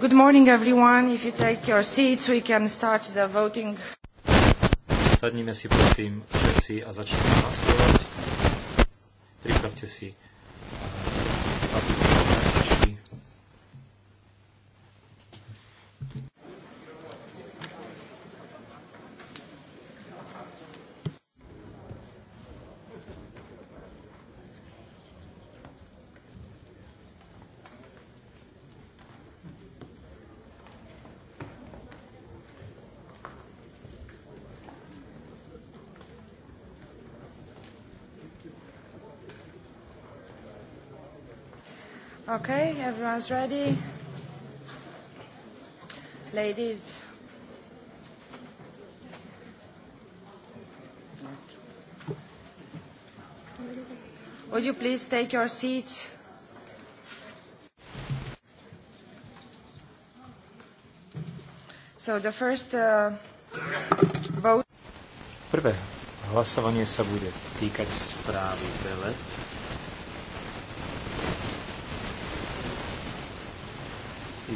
Good morning everyone. If you take your seats, we can start the voting. Sadnime si prosím všetci a začneme hlasovať. Pripravte si Okay, everyone's ready. Ladies. Would you please take your seats? So the first uh, vote. Prvé hlasovanie sa bude týkať správy Bele.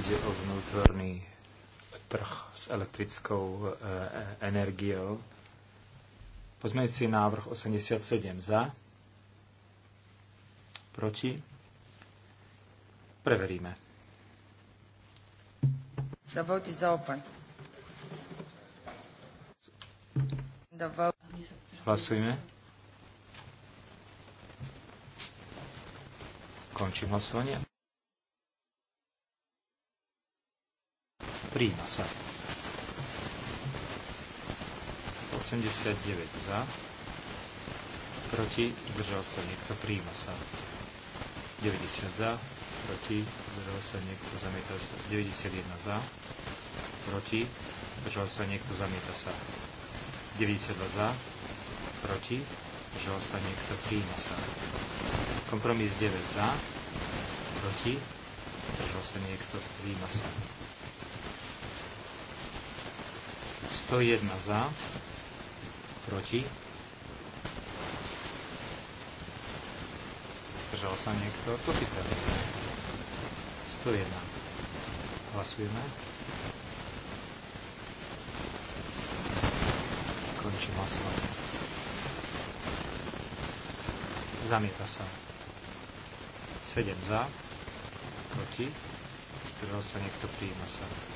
ide o vnútorný trh s elektrickou eh, energiou. Pozmejúci návrh 87 za, proti, preveríme. The vote is open. The vote... Hlasujme. Končím hlasovanie. Príjima sa. 89 za. Proti. držal sa niekto. Príjima sa. 90 za. Proti. držal sa niekto. Zamieta sa. 91 za. Proti. držal sa niekto. Zamieta sa. 92 za. Proti. držal sa niekto. Príjima sa. Kompromis 9 za. Proti. držal sa niekto. Príjima sa. 101 za, proti. Zdržal sa niekto? To si preveríme. 101. Hlasujeme. Končím hlasovanie. Zamieta sa. 7 za, proti. Zdržal sa niekto, prijíma sa.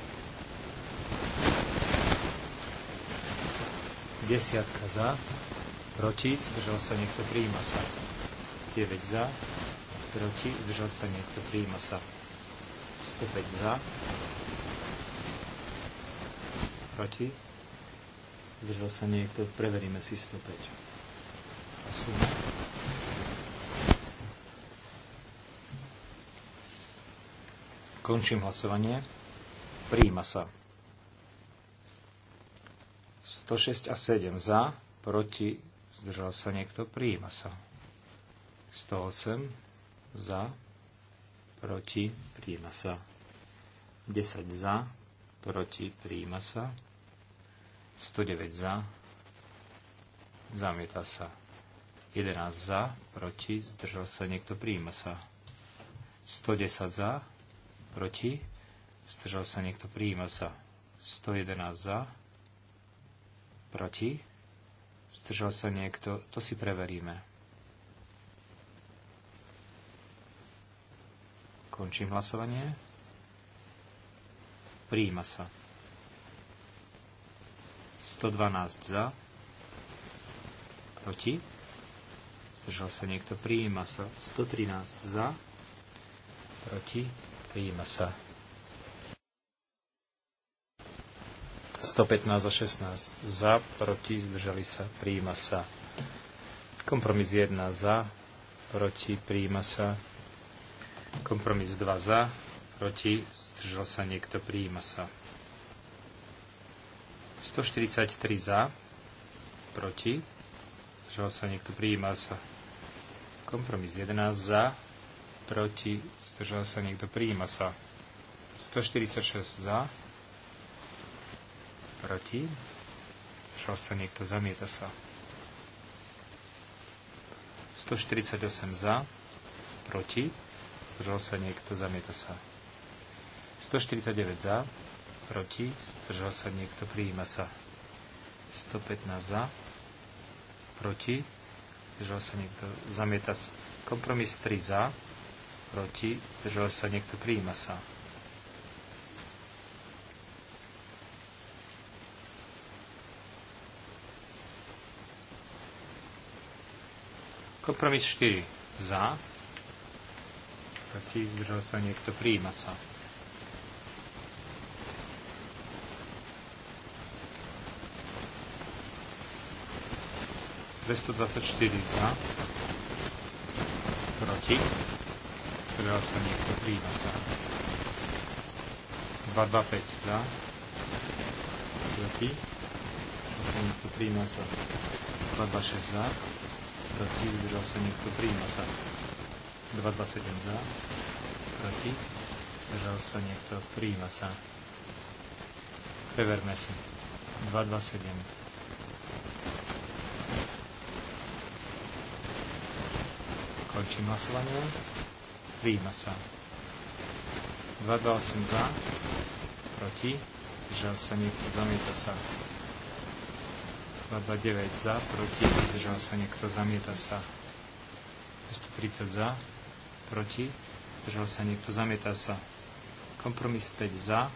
desiatka za, proti, zdržal sa niekto, prijíma sa. 9 za, proti, zdržal sa niekto, prijíma sa. 105 za, proti, zdržal sa niekto, preveríme si 105. A suma. Končím hlasovanie. Prijíma sa. 106 a 7 za, proti, zdržal sa niekto, prijíma sa. 108 za, proti, prijíma sa. 10 za, proti, prijíma sa. 109 za, zamieta sa. 11 za, proti, zdržal sa niekto, prijíma sa. 110 za, proti, zdržal sa niekto, prijíma sa. 111 za, Proti? Zdržal sa niekto? To si preveríme. Končím hlasovanie. Príjima sa. 112 za. Proti? Zdržal sa niekto? Príjima sa. 113 za. Proti? Príjima sa. 115 a 16 za, proti, zdržali sa, príjima sa. Kompromis 1 za, proti, príjima sa. Kompromis 2 za, proti, zdržal sa niekto, príjima sa. 143 za, proti, zdržal sa niekto, príjima sa. Kompromis 11 za, proti, zdržal sa niekto, príjima sa. 146 za, proti, Šal sa niekto, zamieta sa. 148 za, proti, zdržal sa niekto, zamieta sa. 149 za, proti, zdržal sa niekto, prijíma sa. 115 za, proti, zdržal sa niekto, zamieta sa. Kompromis 3 za, proti, zdržal sa niekto, prijíma sa. Kompromis 4 za. Proti zdržal sa niekto. Prijíma sa. ...224 za, proti, zdržal sa niekto, Prijíma sa. 225 za, proti, zdržal sa niekto, Prijíma sa. 226 za, proti, zdržal sa niekto, prijíma sa. 227 za, proti, zdržal sa niekto, prijíma sa. Preverme si. 227. Končím hlasovanie. Prijíma sa. 228 za, proti, zdržal sa niekto, zamieta sa. Skladba 9 za, proti, zdržal sa niekto, zamieta sa. 230 za, proti, zdržal sa niekto, zamieta sa. Kompromis 5 za,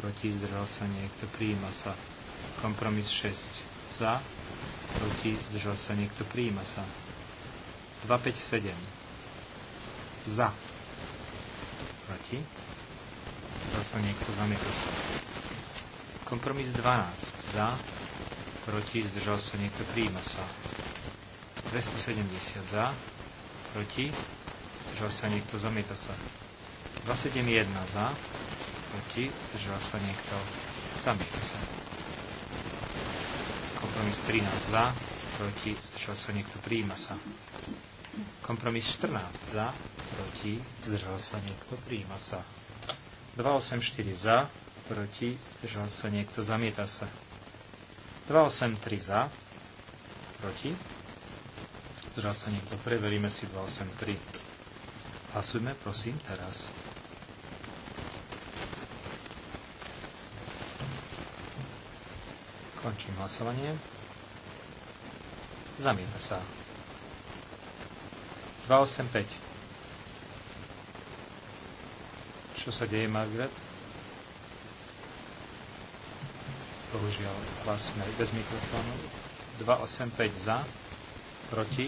proti, zdržal sa niekto, prijíma sa. Kompromis 6 za, proti, zdržal sa niekto, prijíma sa. 257 za, proti, zdržal sa niekto, zamieta sa. Kompromis 12 za, proti, zdržal sa niekto, príjma sa. 270 za, proti, zdržal sa niekto, zamieta sa. 271 za, proti, zdržal sa niekto, zamieta sa. Kompromis 13 za, proti, zdržal sa niekto, príjma sa. Kompromis 14 za, proti, zdržal sa niekto, príjma sa. 284 za, proti, zdržal sa niekto, zamieta sa. 283 za, proti. Zdržal sa niekto, preveríme si 283. Hlasujme, prosím, teraz. Končím hlasovanie. Zamieta sa. 285. Čo sa deje, Margaret? Bohužiaľ, vás sme bez mikrofónu. 285 za, proti,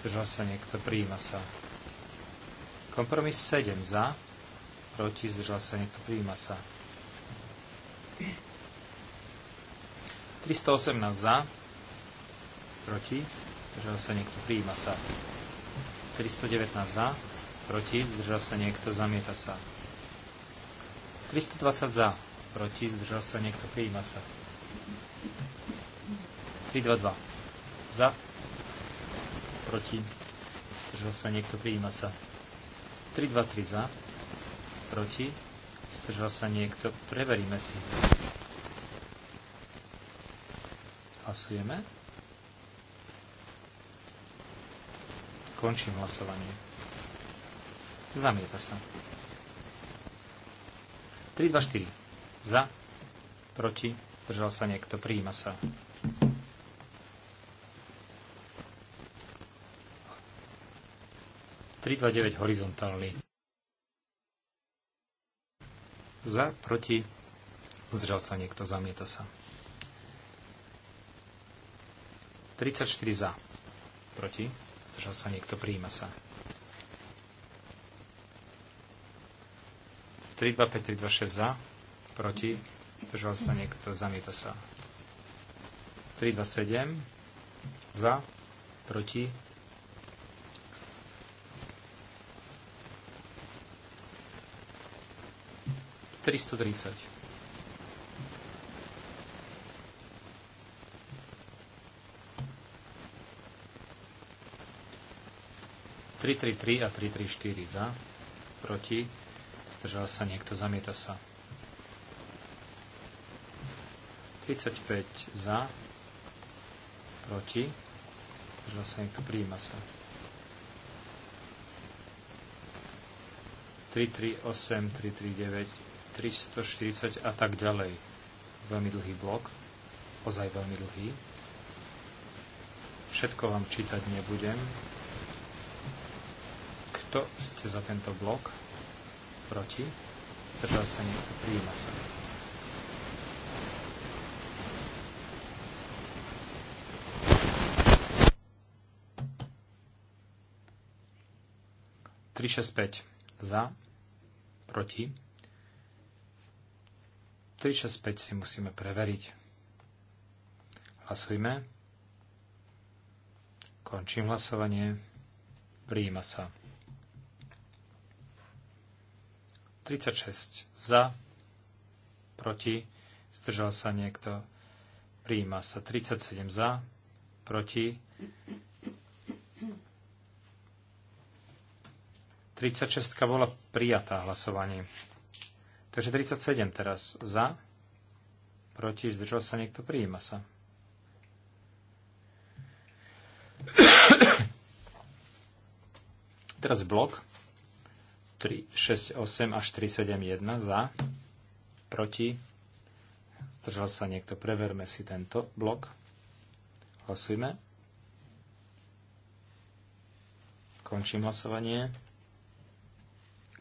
držal sa niekto, prijíma sa. Kompromis 7 za, proti, zdržal sa niekto, prijíma sa. 318 za, proti, zdržal sa niekto, prijíma sa. 319 za, proti, zdržal sa niekto, zamieta sa. 320 za, proti, zdržal sa niekto, prijíma sa. 3, 2, 2. za, proti, zdržal sa niekto, prijíma sa. 3, 2, 3. za, proti, zdržal sa niekto, preveríme si. Hlasujeme. Končím hlasovanie. Zamieta sa. 3, 2, 4. Za? Proti? Držal sa niekto? Prijíma sa. Tri, dva, deväť horizontálny. Za, proti, zdržal sa niekto, zamieta sa. 34 za, proti, zdržal sa niekto, prijíma sa. 3, 2, 5, 3, 2, 6 za, proti, Držal sa niekto, zamieta sa. 3, 2, 7. za, proti, Tristo tridsať. Tri, tri, tri a tri, tri, štyri za, proti, zdržal sa niekto, zamieta sa. 35 za, proti, že sa niekto, príjma sa. 338, 339, 340 a tak ďalej. Veľmi dlhý blok, ozaj veľmi dlhý. Všetko vám čítať nebudem. Kto ste za tento blok? Proti? Zdržal sa niekto, príjma sa. 365 za, proti. 365 si musíme preveriť. Hlasujme. Končím hlasovanie. Prijíma sa. 36 za, proti, zdržal sa niekto. Prijíma sa 37 za, proti, 36 bola prijatá hlasovaním. Takže 37 teraz za, proti, zdržal sa niekto, prijíma sa. teraz blok 3, 6, 8 až 3, 7, 1 za, proti, zdržal sa niekto, preverme si tento blok. Hlasujme. Končím hlasovanie.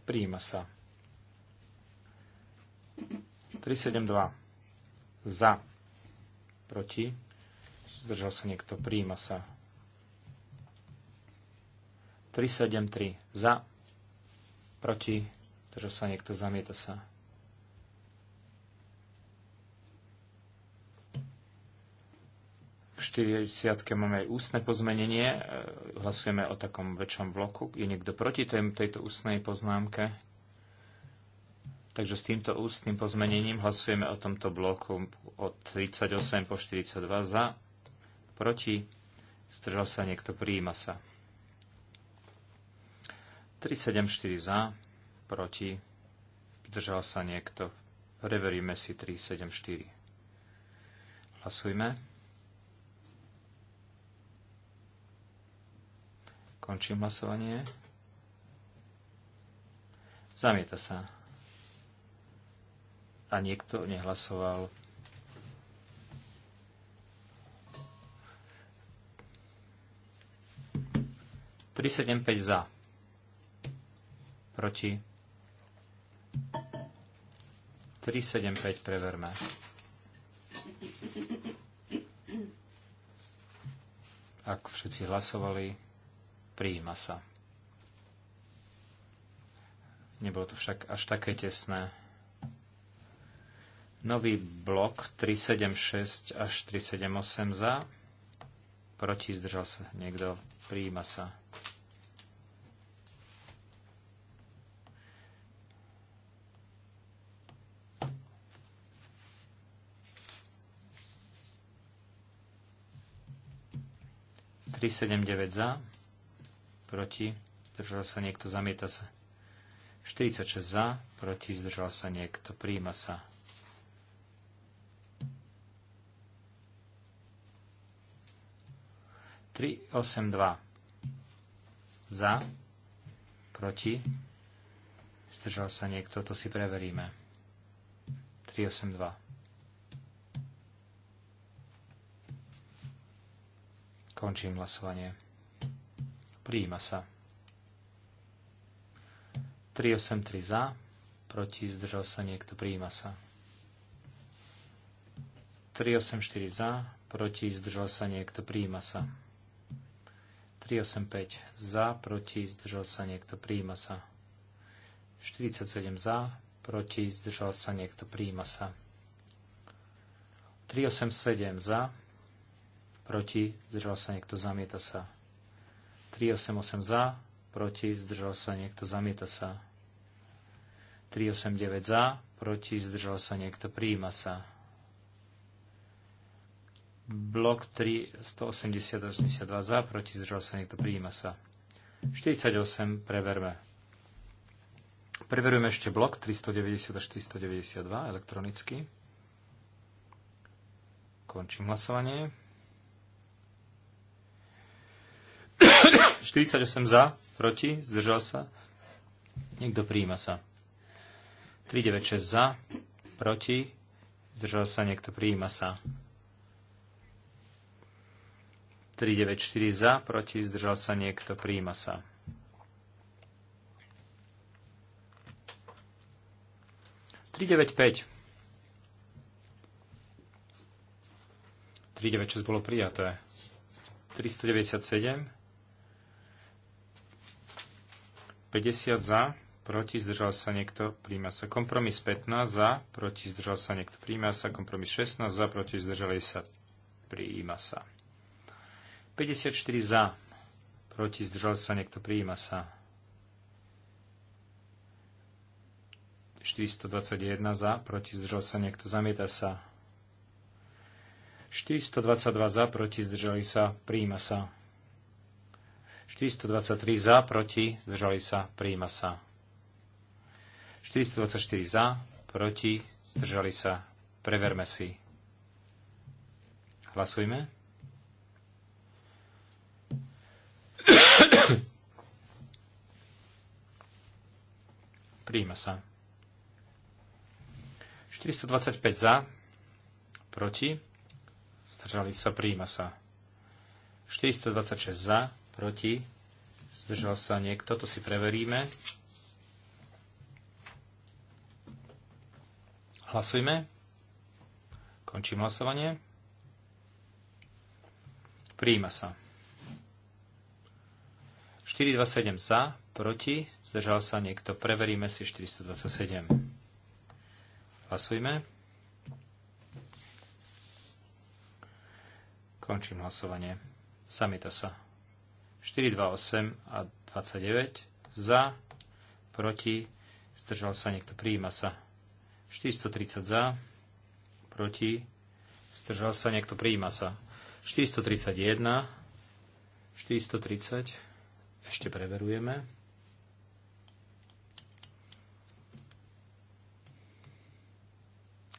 Príjima sa. 372. Za. Proti. Zdržal sa niekto. Príjima sa. 373. Za. Proti. Zdržal sa niekto. Zamieta sa. 40 máme aj ústne pozmenenie. E, hlasujeme o takom väčšom bloku. Je niekto proti tejto ústnej poznámke? Takže s týmto ústnym pozmenením hlasujeme o tomto bloku od 38 po 42 za, proti, zdržal sa niekto, prijíma sa. 374 za, proti, zdržal sa niekto. Preveríme si 374. Hlasujme. Končím hlasovanie. Zamieta sa. A niekto nehlasoval. Tri sedem päť za. Proti. päť preverme. Ak všetci hlasovali, Prijíma sa. Nebolo to však až také tesné. Nový blok 376 až 378 za. Proti zdržal sa niekto. Prijíma sa. Tri sedem deväť za proti, zdržal sa niekto, zamieta sa. 46 za, proti, zdržal sa niekto, príjima sa. Tri, osem, dva. Za, proti, zdržal sa niekto, to si preveríme. 382. Končím hlasovanie. Prijíma sa. 383 za, proti, zdržal sa niekto, prijíma sa. 384 za, proti, zdržal sa niekto, prijíma sa. 385 za, proti, zdržal sa niekto, prijíma sa. 47 za, proti, zdržal sa niekto, prijíma sa. 387 za, proti, zdržal sa niekto, zamieta sa. 388 za, proti, zdržal sa niekto, zamieta sa. 389 za, proti, zdržal sa niekto, prijíma sa. Blok 3, 180 až 82 za, proti, zdržal sa niekto, prijíma sa. 48, preverme. Preverujeme ešte blok 390 až 492 elektronicky. Končím hlasovanie. 48 za, proti, zdržal sa. Niekto prijíma sa. 396 za, proti, zdržal sa, niekto prijíma sa. 394 za, proti, zdržal sa, niekto prijíma sa. 395. 396 bolo prijaté. 397 50 za, proti, zdržal sa niekto, príjma sa kompromis 15 za, proti, zdržal sa niekto, príjma sa kompromis 16 za, proti, zdržali sa, príjma sa. 54 za, proti, zdržal sa niekto, príjma sa. 421 za, proti, zdržal sa niekto, zamieta sa. 422 za, proti, zdržali sa, príjma sa. 423 za, proti, zdržali sa, prijíma sa. 424 za, proti, zdržali sa, preverme si. Hlasujme. Prijíma sa. 425 za, proti, zdržali sa, prijíma sa. 426 za, Proti? Zdržal sa niekto? To si preveríme. Hlasujme. Končím hlasovanie. Príjima sa. 427 za, proti, zdržal sa niekto. Preveríme si 427. Hlasujme. Končím hlasovanie. Samita sa. 428 a 29 za, proti, zdržal sa niekto, prijíma sa. 430 za, proti, zdržal sa niekto, prijíma sa. 431, 430, ešte preverujeme.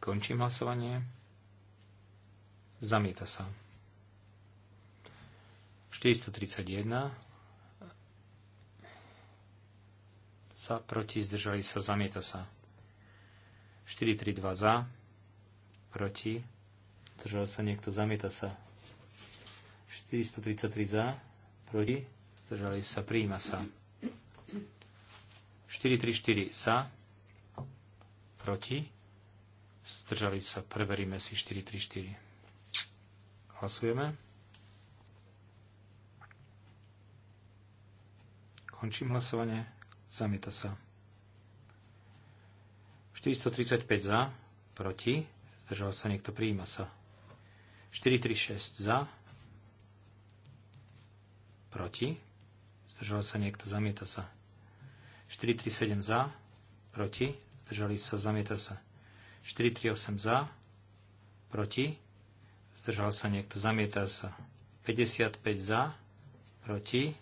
Končím hlasovanie. Zamieta sa. 431 sa proti, zdržali sa, zamieta sa. 432 za, proti, zdržal sa niekto, zamieta sa. 433 za, proti, zdržali sa, prijíma sa. 434 za, proti, zdržali sa, preveríme si 434. Hlasujeme. Končím hlasovanie. Zamieta sa. 435 za, proti, zdržal sa niekto, prijíma sa. 436 za, proti, zdržal sa niekto, zamieta sa. 437 za, proti, zdržali sa, zamieta sa. 438 za, proti, zdržal sa niekto, zamieta sa. 55 za, proti,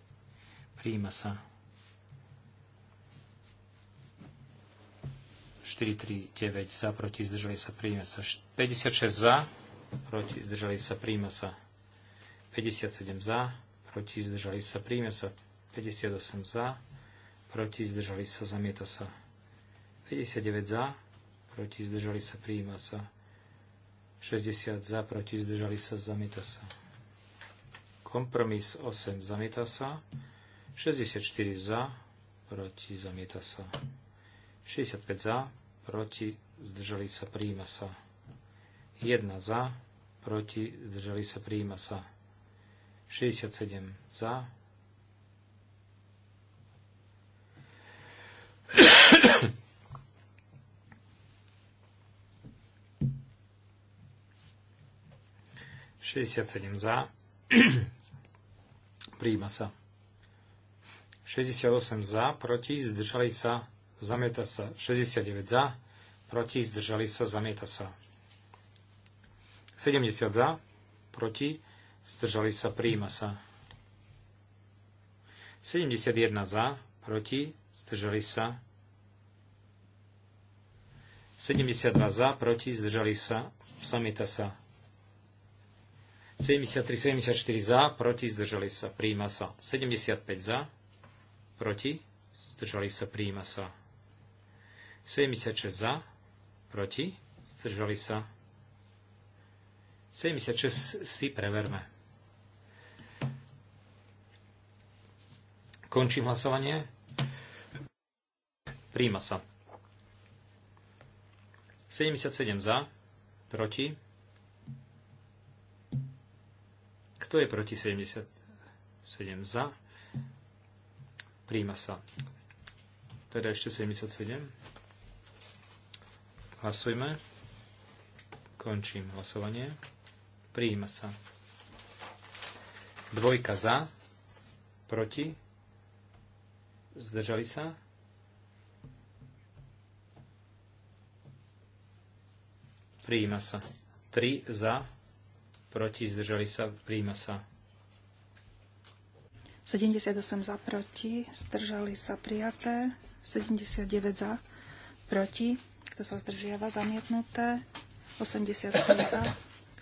prijíma sa. 439 za, proti, zdržali sa, príjme sa. 56 za, proti, zdržali sa, príjme sa. 57 za, proti, zdržali sa, príjme sa. 58 za, proti, zdržali sa, zamieta sa. 59 za, proti, zdržali sa, príjme sa. 60 za, proti, zdržali sa, zamieta sa. Kompromis 8 zamieta sa. 64 za, proti, zamieta sa. 65 za, proti, zdržali sa, príjma sa. 1 za, proti, zdržali sa, príjma sa. 67 za. Šesťdesiat sedem za. Príjima sa. 68 za, proti, zdržali sa zamieta sa 69 za, proti, zdržali sa, zamieta sa 70 za, proti, zdržali sa, príjima sa 71 za, proti, zdržali sa 72 za, proti, zdržali sa, zamieta sa 73, 74 za, proti, zdržali sa, príjima sa 75 za, proti, zdržali sa, príjima sa 76 za, proti, zdržali sa. 76 si preverme. Končím hlasovanie. Príjma sa. 77 za, proti. Kto je proti 77 za? Príjma sa. Teda ešte 77. Hlasujme. Končím hlasovanie. Prijíma sa. Dvojka za, proti, zdržali sa. Prijíma sa. 3 za, proti, zdržali sa, prijíma sa. 78 za proti, zdržali sa prijaté, 79 za proti, kto sa zdržiava, zamietnuté. 85 za,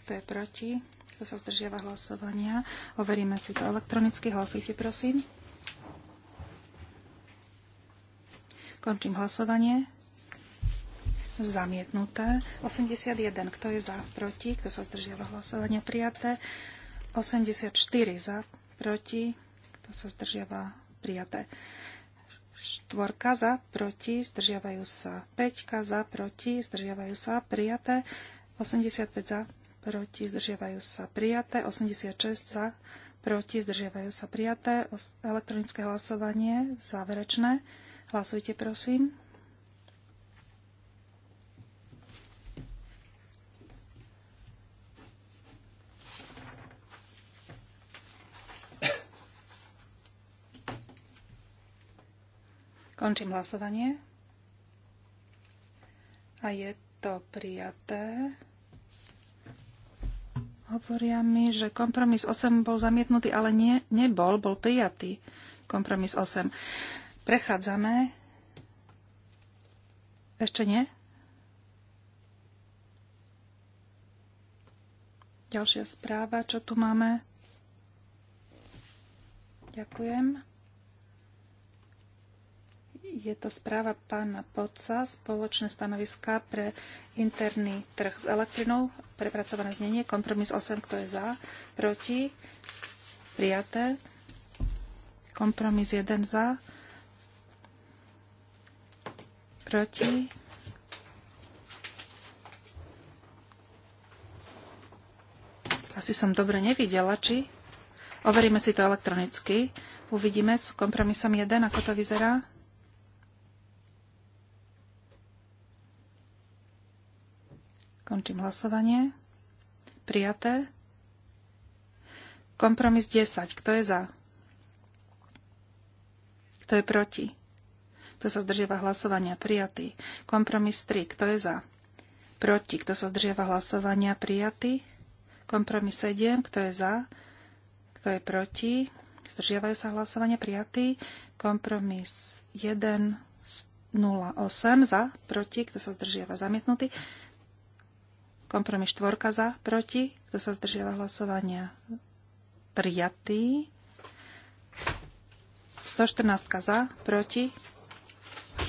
kto je proti, kto sa zdržiava hlasovania. Overíme si to elektronicky. Hlasujte, prosím. Končím hlasovanie. Zamietnuté. 81. Kto je za? Proti. Kto sa zdržiava hlasovania? Prijaté. 84 za. Proti. Kto sa zdržiava? Prijaté štvorka za, proti, zdržiavajú sa. Peťka za, proti, zdržiavajú sa, prijaté. 85 za, proti, zdržiavajú sa, prijaté. 86 za, proti, zdržiavajú sa, prijaté. Elektronické hlasovanie, záverečné. Hlasujte, prosím. Končím hlasovanie. A je to prijaté. Hovoria mi, že kompromis 8 bol zamietnutý, ale nie, nebol, bol prijatý. Kompromis 8. Prechádzame. Ešte nie? Ďalšia správa, čo tu máme. Ďakujem. Je to správa pána Poca, spoločné stanoviska pre interný trh s elektrinou, prepracované znenie, kompromis 8, kto je za, proti, prijaté, kompromis 1 za, proti, asi som dobre nevidela, či overíme si to elektronicky, uvidíme s kompromisom 1, ako to vyzerá. Končím hlasovanie. Prijaté. Kompromis 10. Kto je za? Kto je proti? Kto sa zdržiava hlasovania? Prijatý. Kompromis 3. Kto je za? Proti. Kto sa zdržiava hlasovania? Prijatý. Kompromis 7. Kto je za? Kto je proti? Zdržiavajú sa hlasovania? Prijatý. Kompromis 1. 08 za, proti, kto sa zdržiava zamietnutý. Kompromis štvorka za, proti. Kto sa zdržiava hlasovania? Prijatý. 114 za, proti.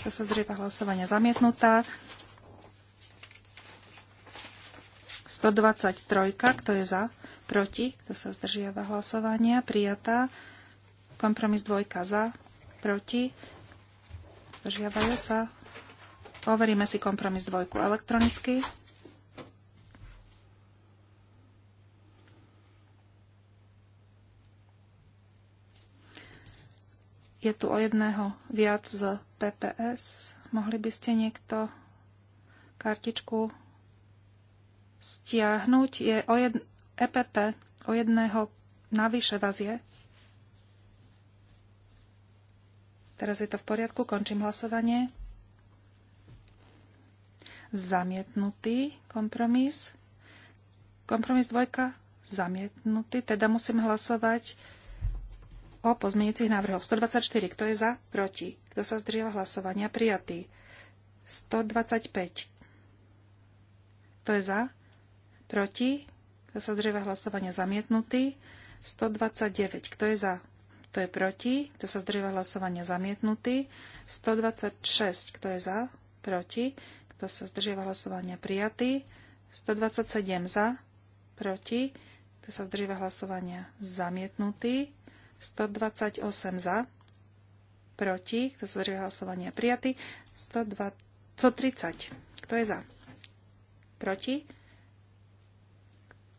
Kto sa zdržiava hlasovania? Zamietnutá. 123, kto je za, proti, kto sa zdržiava hlasovania, prijatá. Kompromis dvojka za, proti, zdržiavajú sa. Overíme si kompromis dvojku elektronicky. Je tu o jedného viac z PPS. Mohli by ste niekto kartičku stiahnuť? Je o jed... EPP o jedného navyše vás je. Teraz je to v poriadku, končím hlasovanie. Zamietnutý kompromis. Kompromis dvojka zamietnutý, teda musím hlasovať o pozmeňujúcich návrhoch. 124. Kto je za? Proti. Kto sa zdržal hlasovania? Prijatý. 125. Kto je za? Proti. Kto sa zdržal hlasovania? Zamietnutý. 129. Kto je za? Kto je proti? Kto sa zdržal hlasovania? Zamietnutý. 126. Kto je za? Proti. Kto sa zdržal hlasovania? Prijatý. 127 za. Proti. Kto sa zdržal hlasovania? Zamietnutý. 128 za, proti, kto sa zdržal hlasovania prijatý, 130, kto je za, proti,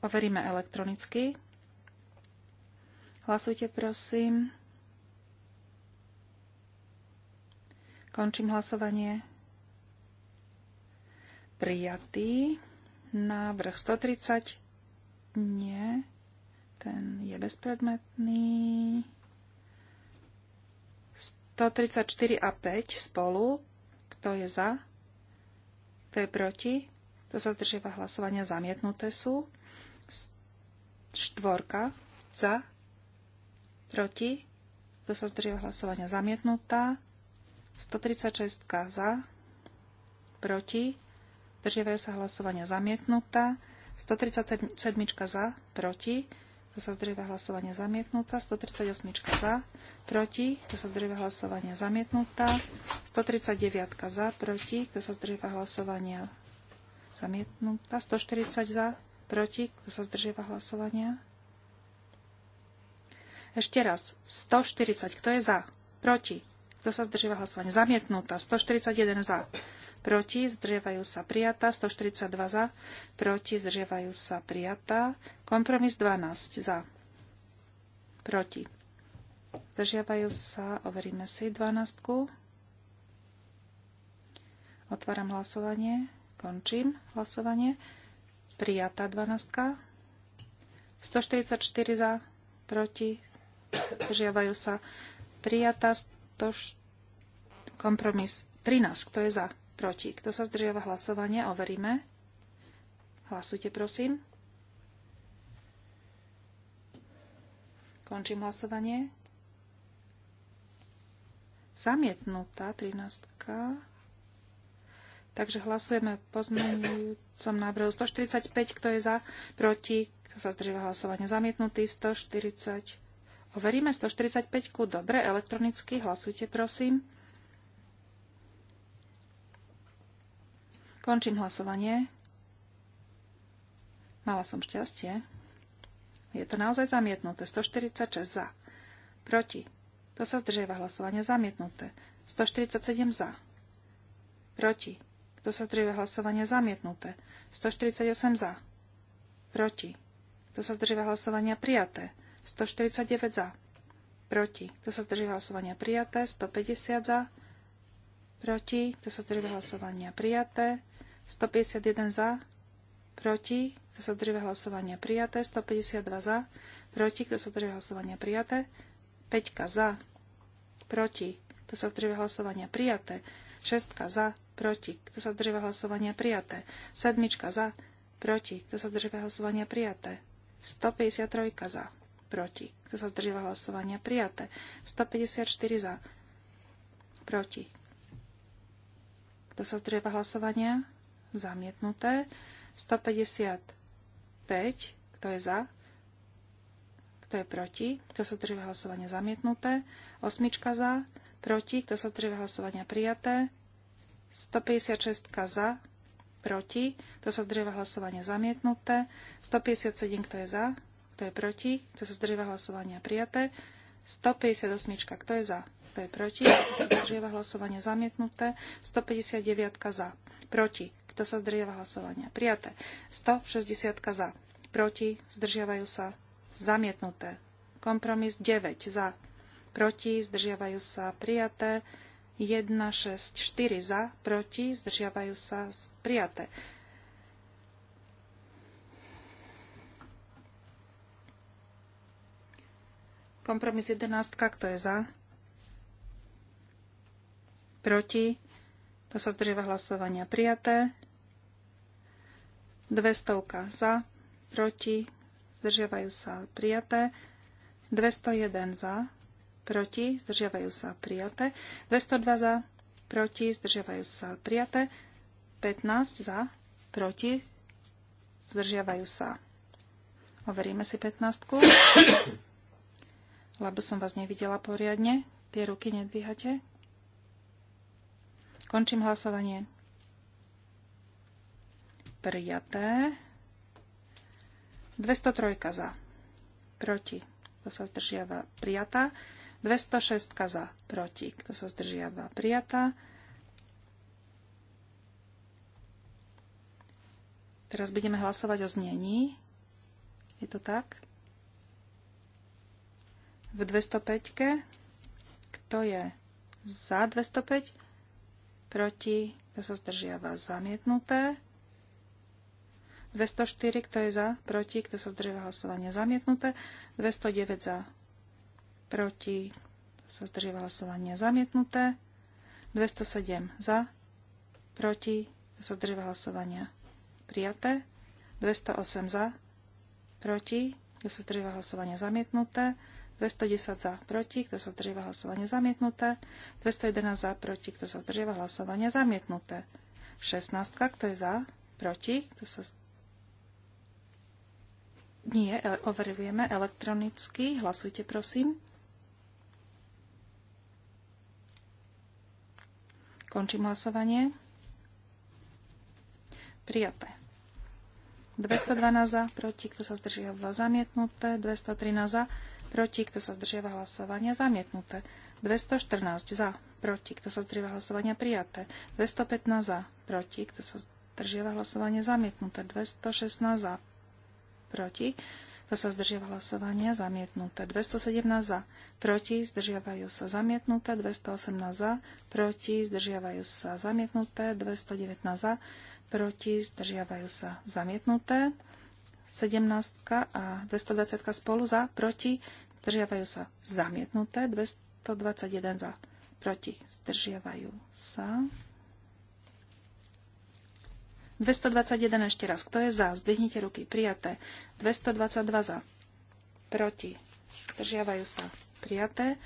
overíme elektronicky. Hlasujte prosím. Končím hlasovanie. Prijatý. Návrh 130. Nie ten je bezpredmetný. 134 a 5 spolu. Kto je za? Kto je proti? Kto sa zdržiava hlasovania? Zamietnuté sú. Štvorka. Za. Proti. Kto sa zdržiava hlasovania? Zamietnutá. 136 za. Proti. Zdržiavajú sa hlasovania zamietnutá. 137 za. Proti to sa zdrieva hlasovania zamietnutá, 138 za, proti, to sa zdrieva hlasovania zamietnutá, 139 za, proti, to sa zdrieva hlasovania zamietnutá, 140 za, proti, to sa zdrieva hlasovania. Ešte raz, 140, kto je za, proti, kto sa zdržíva hlasovania? Zamietnutá. 141 za. Proti. Zdržiavajú sa prijatá. 142 za. Proti. Zdržiavajú sa prijatá. Kompromis 12 za. Proti. Zdržiavajú sa. Overíme si 12. Otváram hlasovanie. Končím hlasovanie. Prijatá 12. 144 za. Proti. Zdržiavajú sa. Prijatá kompromis 13. Kto je za? Proti. Kto sa zdržiava hlasovania? Overíme. Hlasujte, prosím. Končím hlasovanie. Zamietnutá 13. Takže hlasujeme pozmeňujúcom návrhu 145, kto je za, proti, kto sa zdržiava hlasovania zamietnutý, 145. Overíme 145. -ku. Dobre, elektronicky. Hlasujte, prosím. Končím hlasovanie. Mala som šťastie. Je to naozaj zamietnuté. 146 za. Proti. To sa zdržiava hlasovanie zamietnuté. 147 za. Proti. Kto sa zdržiava hlasovanie, zamietnuté. 148 za. Proti. Kto sa zdržiava hlasovania prijaté. 149 za. Proti. Kto sa zdrží hlasovania prijaté? 150 za. Proti. Kto sa zdrží hlasovania prijaté? 151 za. Proti. Kto sa zdrží hlasovania prijaté? 152 za. Proti. Kto sa zdrží hlasovania prijaté? 5 za. Proti. Kto sa zdrží hlasovania prijaté? 6 za. Proti. Kto sa zdrží hlasovania prijaté? 7 za. Proti. Kto sa zdrží hlasovania prijaté? 153 za proti. Kto sa zdržíva hlasovania? Prijaté. 154 za, proti. Kto sa zdržíva hlasovania? Zamietnuté. 155. Kto je za? Kto je proti? Kto sa zdržíva hlasovania? Zamietnuté. Osmička za, proti. Kto sa zdržíva hlasovania? Prijaté. 156 za, proti. Kto sa zdržíva hlasovania? Zamietnuté. 157. Kto je za? Kto je proti? Kto sa zdržíva hlasovania? Prijaté. 158. Kto je za? Kto je proti? Kto sa zdržíva hlasovania? Zamietnuté. 159. Za. Proti. Kto sa zdržíva hlasovania? Prijaté. 160. Za. Proti. Zdržiavajú sa. Zamietnuté. Kompromis 9. Za. Proti. Zdržiavajú sa. Prijaté. 1, 6, 4 za, proti, zdržiavajú sa prijaté. Kompromis 11, kto je za? Proti? To sa zdržíva hlasovania. Prijaté. 200 za, proti, zdržiavajú sa prijaté. 201 za, proti, zdržiavajú sa prijaté. 202 za, proti, zdržiavajú sa prijaté. 15 za, proti, zdržiavajú sa. Overíme si 15 lebo som vás nevidela poriadne. Tie ruky nedvíhate. Končím hlasovanie. Prijaté. 203 za. Proti. Kto sa zdržiava? Prijatá. 206 za. Proti. Kto sa zdržiava? Prijatá. Teraz budeme hlasovať o znení. Je to tak? v 205. Kto je za 205? Proti? Kto sa zdržiava? Zamietnuté. 204. Kto je za? Proti? Kto sa zdržiava hlasovanie? Zamietnuté. 209 za. Proti? Kto sa zdržiava hlasovanie? Zamietnuté. 207 za. Proti? Kto sa zdržiava hlasovanie? Prijaté. 208 za. Proti? Kto sa zdržiava hlasovanie? Zamietnuté. 210 za, proti, kto sa zdržiava hlasovanie zamietnuté. 211 za, proti, kto sa zdržiava hlasovanie zamietnuté. 16, kto je za, proti, kto sa nie, overujeme elektronicky. Hlasujte, prosím. Končím hlasovanie. Prijaté. 212 za, proti, kto sa zdržiava, zamietnuté. 213 za, proti, kto sa zdržiava hlasovania, zamietnuté. 214 za, proti, kto sa zdržiava hlasovania, prijaté. 215 za, proti, kto sa zdržiava hlasovania, zamietnuté. 216 za, proti, kto sa zdržiava hlasovania, zamietnuté. 217 za, proti, zdržiavajú sa zamietnuté. 218 za, proti, zdržiavajú sa zamietnuté. 219 za, proti, zdržiavajú sa zamietnuté. 17 a 220 spolu za, proti, zdržiavajú sa zamietnuté, 221 za, proti, zdržiavajú sa. 221 ešte raz, kto je za, zdvihnite ruky, prijaté. 222 za, proti, zdržiavajú sa, prijaté.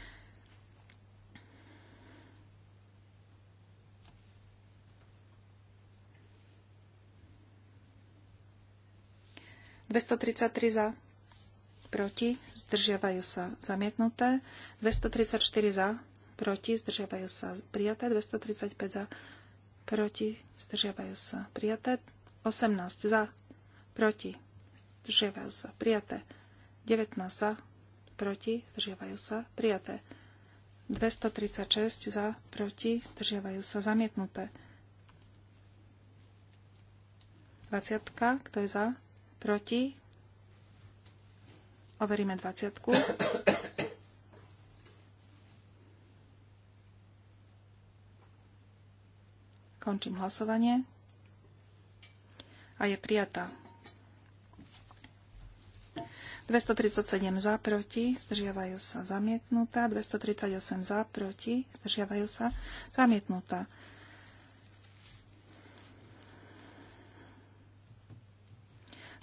233 za, proti, zdržiavajú sa zamietnuté, 234 za, proti, zdržiavajú sa prijaté, 235 za, proti, zdržiavajú sa prijaté, 18 za, proti, zdržiavajú sa prijaté, 19 za, proti, zdržiavajú sa prijaté, 236 za, proti, zdržiavajú sa zamietnuté. 20. Kto je za? proti. Overíme 20. Končím hlasovanie. A je prijatá. 237 za, proti, zdržiavajú sa zamietnutá. 238 za, proti, zdržiavajú sa zamietnutá.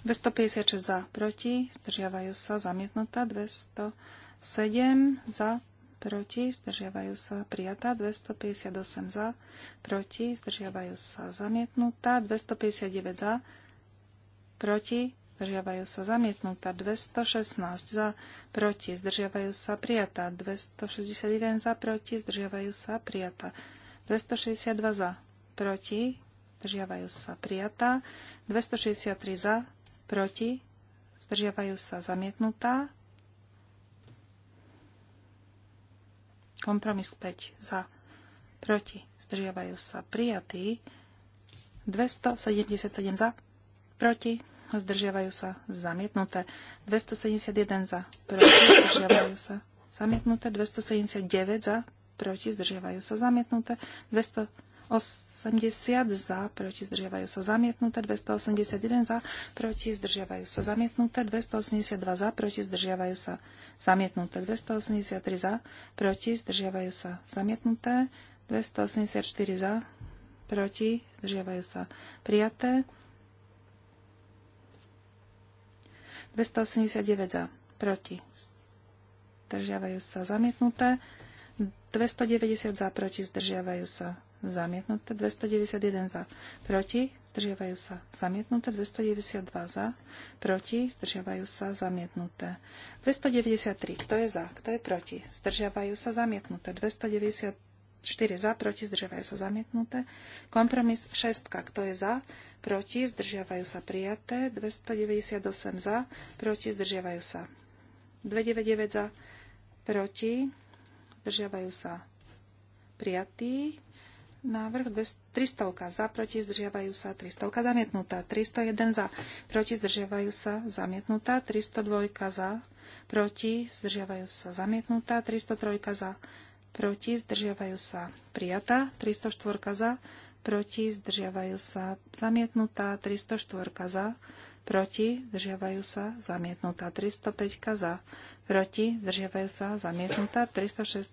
256 za, proti, zdržiavajú sa, zamietnutá, 207 za, proti, zdržiavajú sa, prijatá, 258 za, proti, zdržiavajú sa, zamietnutá, 259 za, proti, zdržiavajú sa, zamietnutá, 216 za, proti, zdržiavajú sa, prijatá, 261 za, proti, zdržiavajú sa, prijatá, 262 za, proti, zdržiavajú sa, prijatá, 263 za, proti, zdržiavajú sa zamietnutá. Kompromis 5 za, proti, zdržiavajú sa prijatí. 277 za, proti, zdržiavajú sa zamietnuté. 271 za, proti, zdržiavajú sa zamietnuté. 279 za, proti, zdržiavajú sa zamietnuté. 200 80 za, proti zdržiavajú sa zamietnuté, 281 za, proti zdržiavajú sa zamietnuté, 282 za, proti zdržiavajú sa zamietnuté, 283 za, proti zdržiavajú sa zamietnuté, 284 za, proti zdržiavajú sa prijaté, 289 za, proti zdržiavajú sa zamietnuté, 290 za, proti zdržiavajú sa zamietnuté 291 za, proti, zdržiavajú sa zamietnuté 292 za, proti, zdržiavajú sa zamietnuté 293, kto je za, kto je proti, zdržiavajú sa zamietnuté 294 za, proti, zdržiavajú sa zamietnuté kompromis 6, kto je za, proti, zdržiavajú sa prijaté 298 za, proti, zdržiavajú sa 299 za, proti, zdržiavajú sa prijatí Návrh 300 za, proti zdržiavajú sa 300 zamietnutá, 301 za, proti zdržiavajú sa zamietnutá, 302 za, proti zdržiavajú sa zamietnutá, 303 za, proti zdržiavajú sa prijatá, 304 za, proti zdržiavajú sa zamietnutá, 304 za, proti zdržiavajú sa zamietnutá, 305 za, proti, zdržiavajú sa, zamietnutá, 307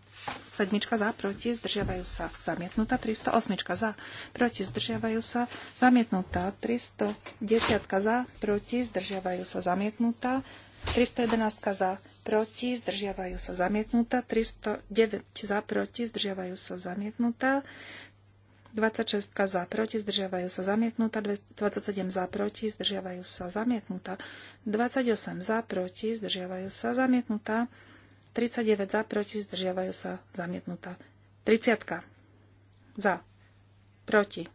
za, proti, zdržiavajú sa, zamietnutá, 308 za, proti, zdržiavajú sa, zamietnutá, 310 za, proti, zdržiavajú sa, zamietnutá, 311 za, proti, zdržiavajú sa, zamietnutá, 309 za, proti, zdržiavajú sa, zamietnutá, 26 za, proti, zdržiavajú sa zamietnutá, 27 za, proti, zdržiavajú sa zamietnutá, 28 za, proti, zdržiavajú sa zamietnutá, 39 za, proti, zdržiavajú sa zamietnutá, 30 za, proti.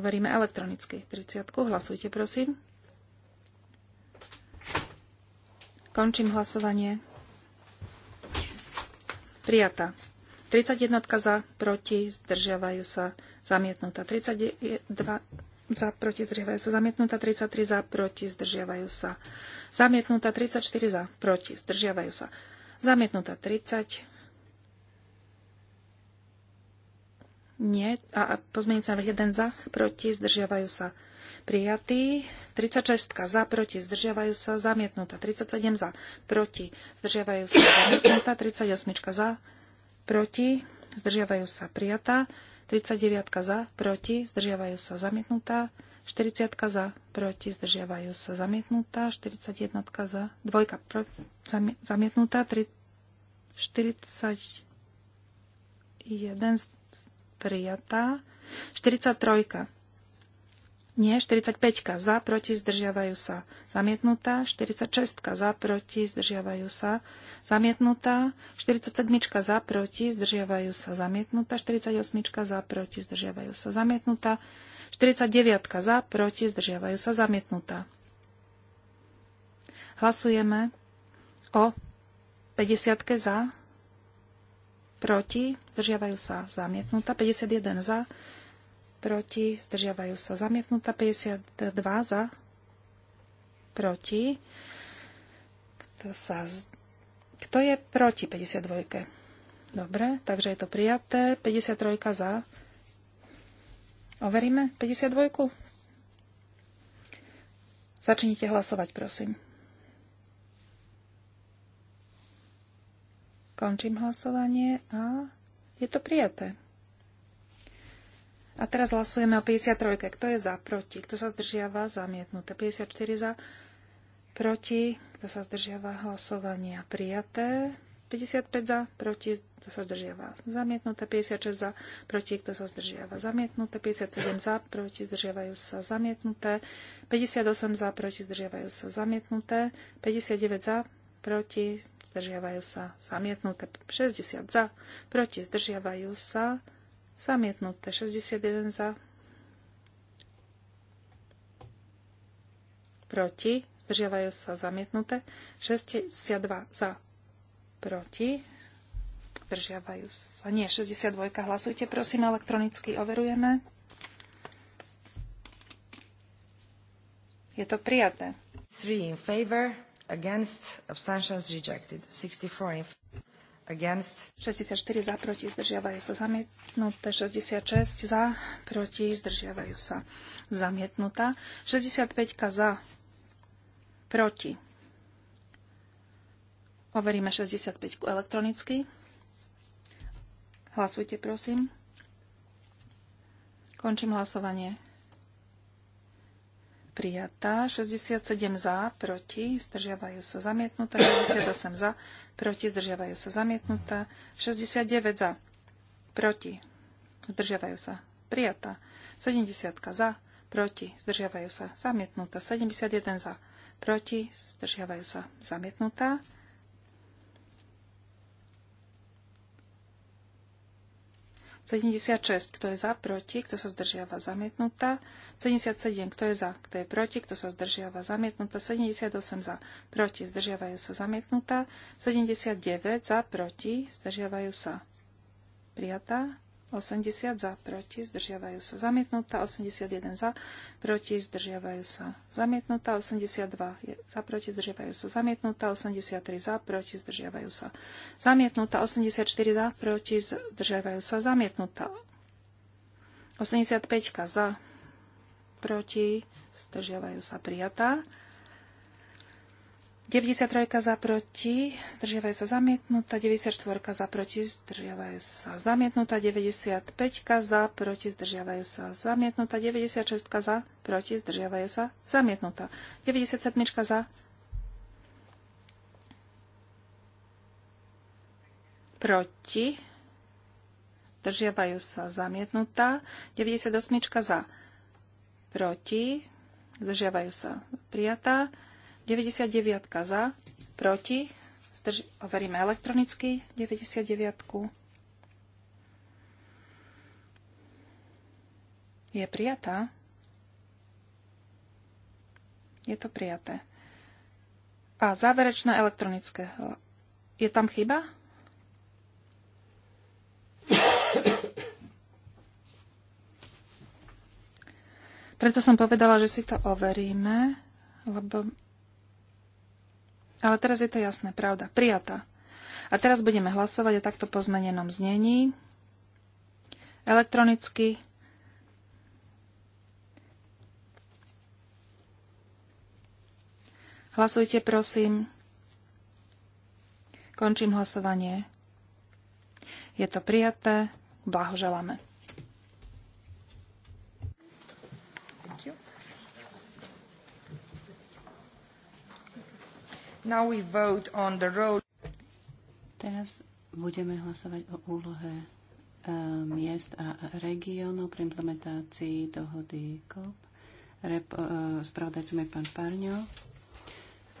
Overíme elektronicky. 30 hlasujte prosím. Končím hlasovanie. Prijatá. 31 za, proti, zdržiavajú sa zamietnutá. 32 za, proti, zdržiavajú sa zamietnutá. 33 za, proti, zdržiavajú sa zamietnutá. 34 za, proti, zdržiavajú sa zamietnutá. 30 nie. A, a pozmeňujúci návrh 1 za, proti, zdržiavajú sa prijatý. 36 za, proti, zdržiavajú sa, zamietnutá. 37 za, proti, zdržiavajú sa, zamietnutá. 38 za, proti, zdržiavajú sa prijatá, 39 za, proti, zdržiavajú sa zamietnutá, 40 za, proti, zdržiavajú sa zamietnutá, 41 za, dvojka pro, zami, zamietnutá, 3, 41 prijatá, 43 nie, 45 za, proti, zdržiavajú sa. Zamietnutá, 46 za, proti, zdržiavajú sa. Zamietnutá, 47 za, proti, zdržiavajú sa. Zamietnutá, 48 za, proti, zdržiavajú sa. Zamietnutá, 49 za, proti, zdržiavajú sa. Zamietnutá. Hlasujeme o 50 za, proti, zdržiavajú sa. Zamietnutá, 51 za, proti, zdržiavajú sa zamietnutá 52 za, proti. Kto, sa, kto je proti 52? Dobre, takže je to prijaté. 53 za. Overíme 52? Začnite hlasovať, prosím. Končím hlasovanie a je to prijaté. A teraz hlasujeme o 53. Kto je za? Proti. Kto sa zdržiava? Zamietnuté. 54 za. Proti. Kto sa zdržiava? Hlasovania prijaté. 55 za. Proti. Kto sa zdržiava? Zamietnuté. 56 za. Proti. Kto sa zdržiava? Zamietnuté. 57 za. Proti. Zdržiavajú sa. Zamietnuté. 58 za. Proti. Zdržiavajú sa. Zamietnuté. 59 za proti, zdržiavajú sa, zamietnuté 60 za, proti, zdržiavajú sa, Zamietnuté 61 za. Proti. Zdržiavajú sa zamietnuté. 62 za. Proti. Zdržiavajú sa. Nie, 62. Hlasujte, prosím, elektronicky overujeme. Je to prijaté. 3 in favor, against, abstentions rejected. 64 in favor against. 64 za, proti, zdržiavajú sa zamietnuté. 66 za, proti, zdržiavajú sa zamietnutá. 65 za, proti. Overíme 65 elektronicky. Hlasujte, prosím. Končím hlasovanie prijatá, 67 za, proti, zdržiavajú sa zamietnuté, 68 za, proti, zdržiavajú sa zamietnuté, 69 za, proti, zdržiavajú sa prijatá, 70 za, proti, zdržiavajú sa zamietnuté, 71 za, proti, zdržiavajú sa zamietnutá, 76. Kto je za? Proti. Kto sa zdržiava? Zamietnutá. 77. Kto je za? Kto je proti? Kto sa zdržiava? Zamietnutá. 78. Za. Proti. Zdržiavajú sa. Zamietnutá. 79. Za. Proti. Zdržiavajú sa. Prijatá. 80 za, proti, zdržiavajú sa zamietnutá, 81 za, proti, zdržiavajú sa zamietnutá, 82 za, proti, zdržiavajú sa zamietnutá, 83 za, proti, zdržiavajú sa zamietnutá, 84 za, proti, zdržiavajú sa zamietnutá, 85 za, proti, zdržiavajú sa prijatá, 93 za proti, zdržiavajú sa zamietnutá, 94 za proti, zdržiavajú sa zamietnutá, 95 za proti, zdržiavajú sa zamietnutá, 96 za proti, zdržiavajú sa zamietnutá, 97 za proti, zdržiavajú sa zamietnutá, 98 za proti, zdržiavajú sa prijatá, 99 za, proti, zdrž- overíme elektronicky 99. Je prijatá? Je to prijaté. A záverečné elektronické. Je tam chyba? Preto som povedala, že si to overíme, lebo ale teraz je to jasné, pravda, prijatá. A teraz budeme hlasovať o takto pozmenenom znení. Elektronicky. Hlasujte, prosím. Končím hlasovanie. Je to prijaté. Blahoželáme. Now we vote on the role. Teraz budeme hlasovať o úlohe e, miest a regiónov pri implementácii dohody COP. Rep, e, spravodajcom je pán Parňo.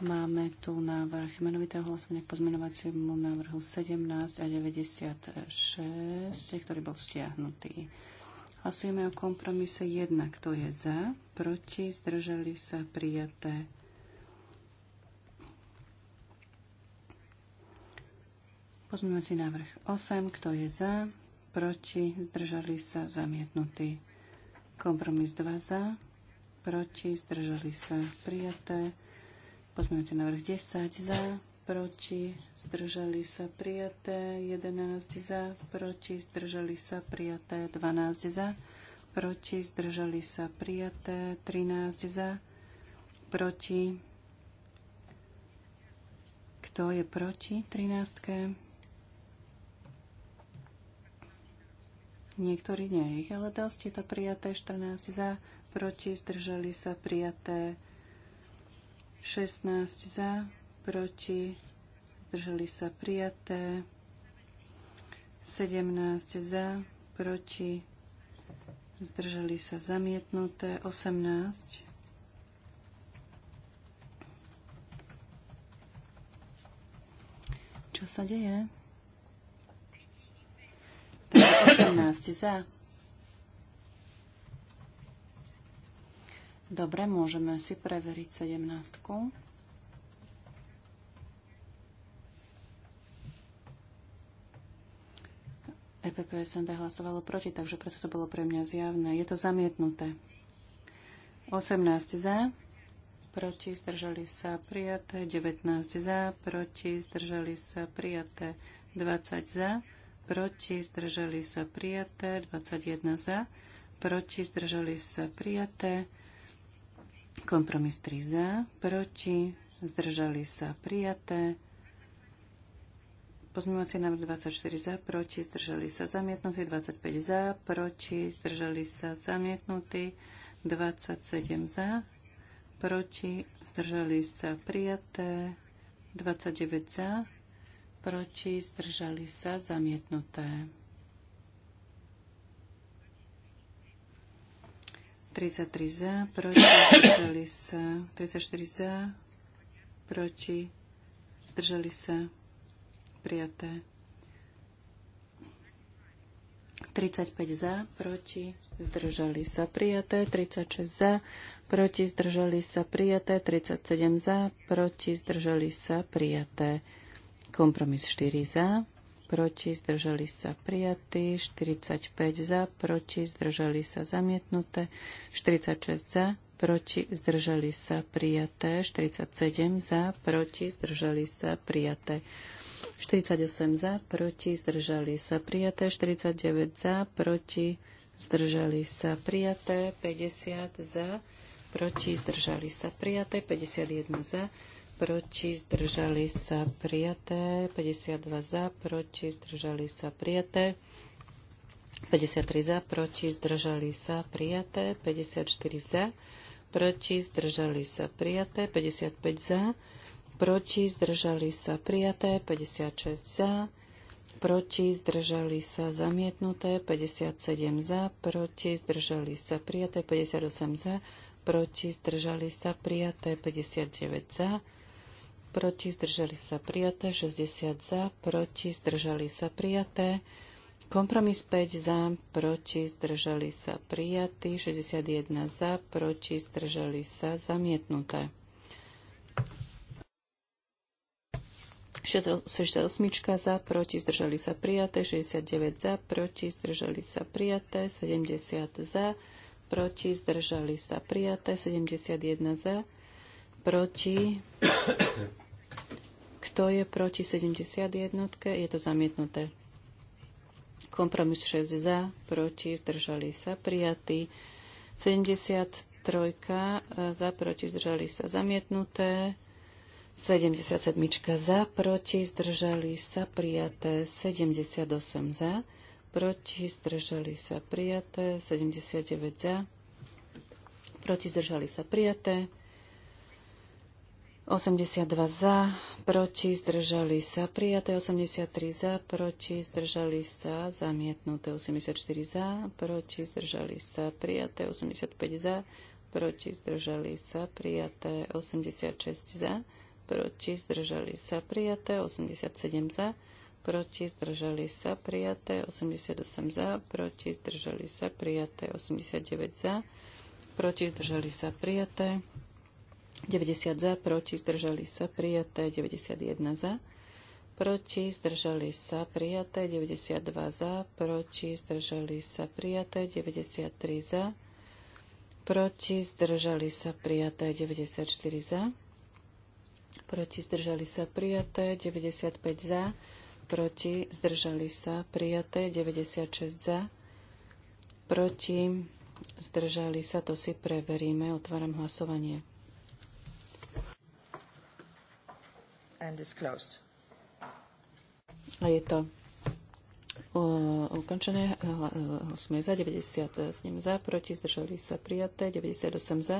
Máme tu návrh menovitého hlasovania k pozmenovaciemu návrhu 17 a 96, ktorý bol stiahnutý. Hlasujeme o kompromise 1. Kto je za? Proti? Zdržali sa prijaté Pozmeňujúci návrh 8. Kto je za? Proti? Zdržali sa? Zamietnutý. Kompromis 2 za? Proti? Zdržali sa? Prijaté. Pozmeňujúci návrh 10. Za? Proti? Zdržali sa? Prijaté. 11. Za? Proti? Zdržali sa? Prijaté. 12. Za? Proti? Zdržali sa? Prijaté. 13. Za? Proti? Kto je proti 13? Niektorí nie. Ich ale dosť je to prijaté. 14 za, proti, zdržali sa prijaté. 16 za, proti, zdržali sa prijaté. 17 za, proti, zdržali sa zamietnuté. 18 Čo sa deje? 18 za. Dobre, môžeme si preveriť 17. EPP SND hlasovalo proti, takže preto to bolo pre mňa zjavné. Je to zamietnuté. 18 za, proti, zdržali sa prijaté. 19 za, proti, zdržali sa prijaté. 20 za, proti, zdržali sa prijaté, 21 za, proti, zdržali sa prijaté, kompromis 3 za, proti, zdržali sa prijaté, pozmývací návrh 24 za, proti, zdržali sa zamietnutí, 25 za, proti, zdržali sa zamietnutí, 27 za, proti, zdržali sa prijaté, 29 za, proti, zdržali sa, zamietnuté. 33 za, proti, zdržali sa, 34 za, proti, zdržali sa, prijaté. 35 za, proti, zdržali sa, prijaté. 36 za, proti, zdržali sa, prijaté. 37 za, proti, zdržali sa, prijaté. Kompromis 4 za, proti, zdržali sa prijatí, 45 za, proti, zdržali sa zamietnuté, 46 za, proti, zdržali sa prijaté, 47 za, proti, zdržali sa prijaté. 48 za, proti, zdržali sa prijaté, 49 za, proti, zdržali sa prijaté, 50 za, proti, zdržali sa prijaté, 51 za, proti, zdržali sa prijaté, 52 za, proti, zdržali sa prijaté, 53 za, proti, zdržali sa prijaté, 54 za, proti, zdržali sa prijaté, 55 za, proti, zdržali sa prijaté, 56 za, proti, zdržali sa zamietnuté, 57 za, proti, zdržali sa prijaté, 58 za, proti, zdržali sa prijaté, 59 za, proti, zdržali sa prijaté, 60 za, proti, zdržali sa prijaté, kompromis 5 za, proti, zdržali sa prijatí, 61 za, proti, zdržali sa zamietnuté. 68 za, proti, zdržali sa prijaté, 69 za, proti, zdržali sa prijaté, 70 za, proti, zdržali sa prijaté, 71 za, proti, kto je proti 71? Je to zamietnuté. Kompromis 6 za, proti, zdržali sa, prijatý. 73 za, proti, zdržali sa, zamietnuté. 77 za, proti, zdržali sa, prijaté. 78 za, proti, zdržali sa, prijaté. 79 za, proti, zdržali sa, prijaté. 82 za, proti, zdržali sa, prijaté 83 za, proti, zdržali sa, zamietnuté 84 za, proti, zdržali sa, prijaté 85 za, proti, zdržali sa, prijaté 86 za, proti, zdržali sa, prijaté 87 za, proti, zdržali sa, prijaté 88 za, proti, zdržali sa, prijaté 89 za, proti, zdržali sa, prijaté 90 za, proti, zdržali sa, prijaté, 91 za, proti, zdržali sa, prijaté, 92 za, proti, zdržali sa, prijaté, 93 za, proti, zdržali sa, prijaté, 94 za, proti, zdržali sa, prijaté, 95 za, proti, zdržali sa, prijaté, 96 za, proti, zdržali sa, to si preveríme, otváram hlasovanie. and is closed. A je to ukončené. E, hlasujeme za 90, e, s ním za, proti, zdržali sa prijaté, 98 za,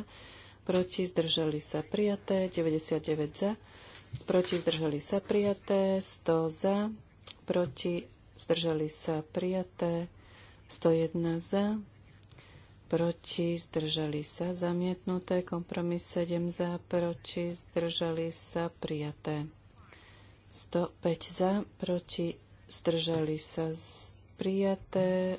proti, zdržali sa prijaté, 99 za, proti, zdržali sa prijaté, 100 za, proti, zdržali sa prijaté, 101 za, proti, zdržali sa zamietnuté, kompromis 7 za, proti, zdržali sa prijaté. 105 za, proti, zdržali sa prijaté.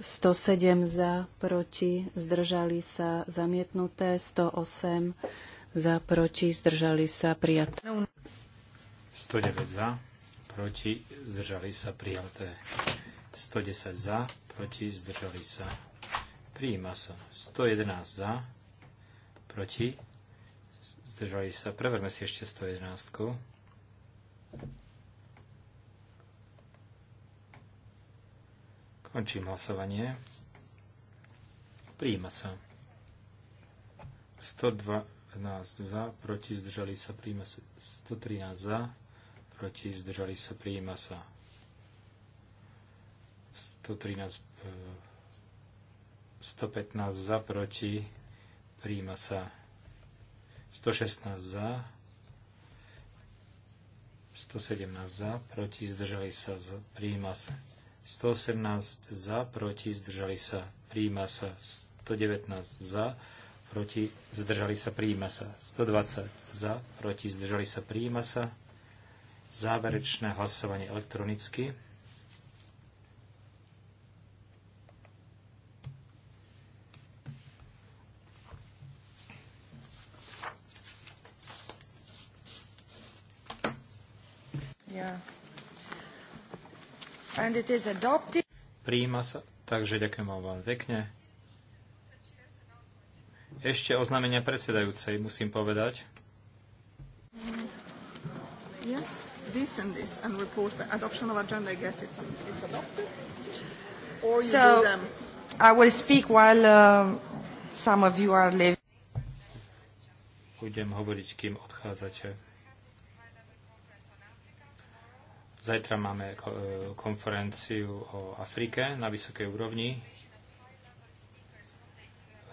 107 za, proti, zdržali sa zamietnuté, 108 za, proti, zdržali sa prijaté. 109 za, proti, zdržali sa prijaté. 110 za, proti, zdržali sa. Prijíma sa. 111 za, proti, zdržali sa. Preverme si ešte 111. Končím hlasovanie. Prijíma sa. 112 za, proti, zdržali sa, prijíma sa. 113 za, proti, zdržali sa, prijíma sa. 113, 115 e, za, proti, príjma sa 116 za, 117 za, proti, zdržali sa, príjma sa 118 za, proti, zdržali sa, príjma sa 119 za, proti, zdržali sa, príjma sa 120 za, proti, zdržali sa, príjma sa záverečné hlasovanie elektronicky. Príjima sa, takže ďakujem vám pekne. Ešte oznámenia predsedajúcej musím povedať. Yes, this and this and report the adoption of agenda, I guess it's, it's adopted. Or you so, do them. I will speak while uh, some of you are leaving. Budem hovoriť, kým odchádzate. Zajtra máme e, konferenciu o Afrike na vysokej úrovni.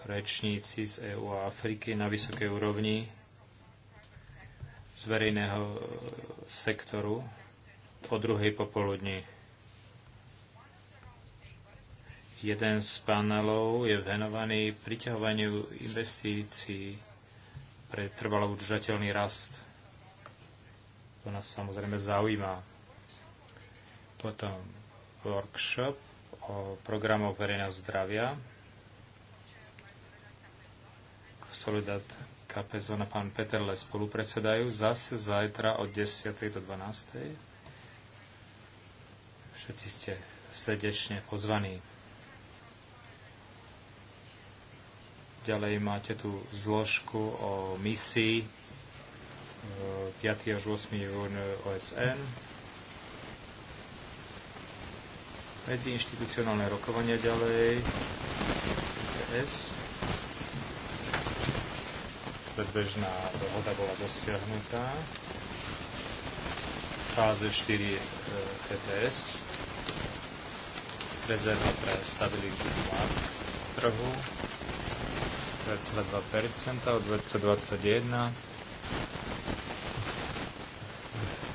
Rečníci z EU a Afriky na vysokej úrovni z verejného e, sektoru po druhej popoludni. Jeden z panelov je venovaný priťahovaniu investícií pre trvalo udržateľný rast. To nás samozrejme zaujíma potom workshop o programoch verejného zdravia. Solidat Kapezon a pán le spolupredsedajú zase zajtra od 10. do 12. Všetci ste srdečne pozvaní. Ďalej máte tu zložku o misii 5. E, až 8. júna OSN. Medziinštitucionálne rokovania ďalej. PS. Predbežná dohoda bola dosiahnutá. Fáze 4 e, TPS. Rezerva pre stabilitu trhu. 22% od 2021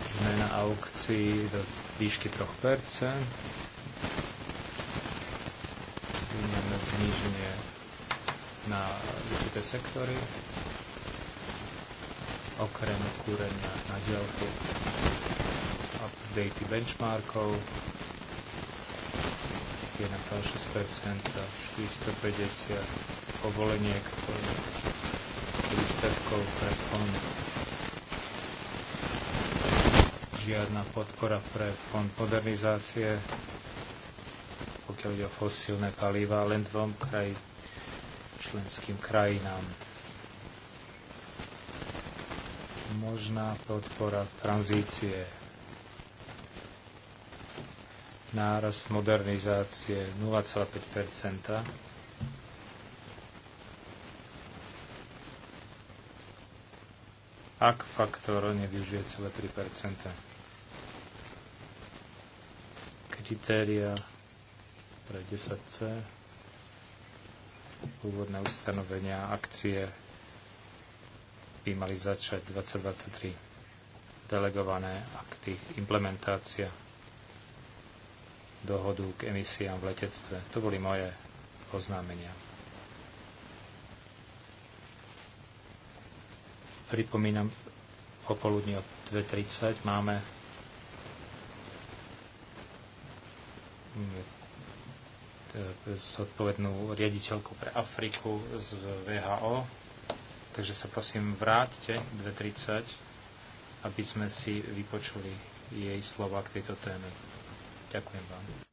zmena aukcií do výšky 3%. zníženie na určité sektory, okrem kúrenia na dielku, updaty benchmarkov, 1,6%, 450 povoleniek výstavkov pre fond. Žiadna podpora pre fond modernizácie pokiaľ ide o fosílne palíva, len dvom kraj, členským krajinám. Možná podpora tranzície, nárast modernizácie 0,5 ak faktor nevyužije celé 3 Kritéria pre 10C, úvodné ustanovenia akcie by mali začať 2023 delegované akty, implementácia dohodu k emisiám v letectve. To boli moje oznámenia. Pripomínam, popoludne o 2.30 máme zodpovednú riaditeľku pre Afriku z VHO. Takže sa prosím vráťte 2.30, aby sme si vypočuli jej slova k tejto téme. Ďakujem vám.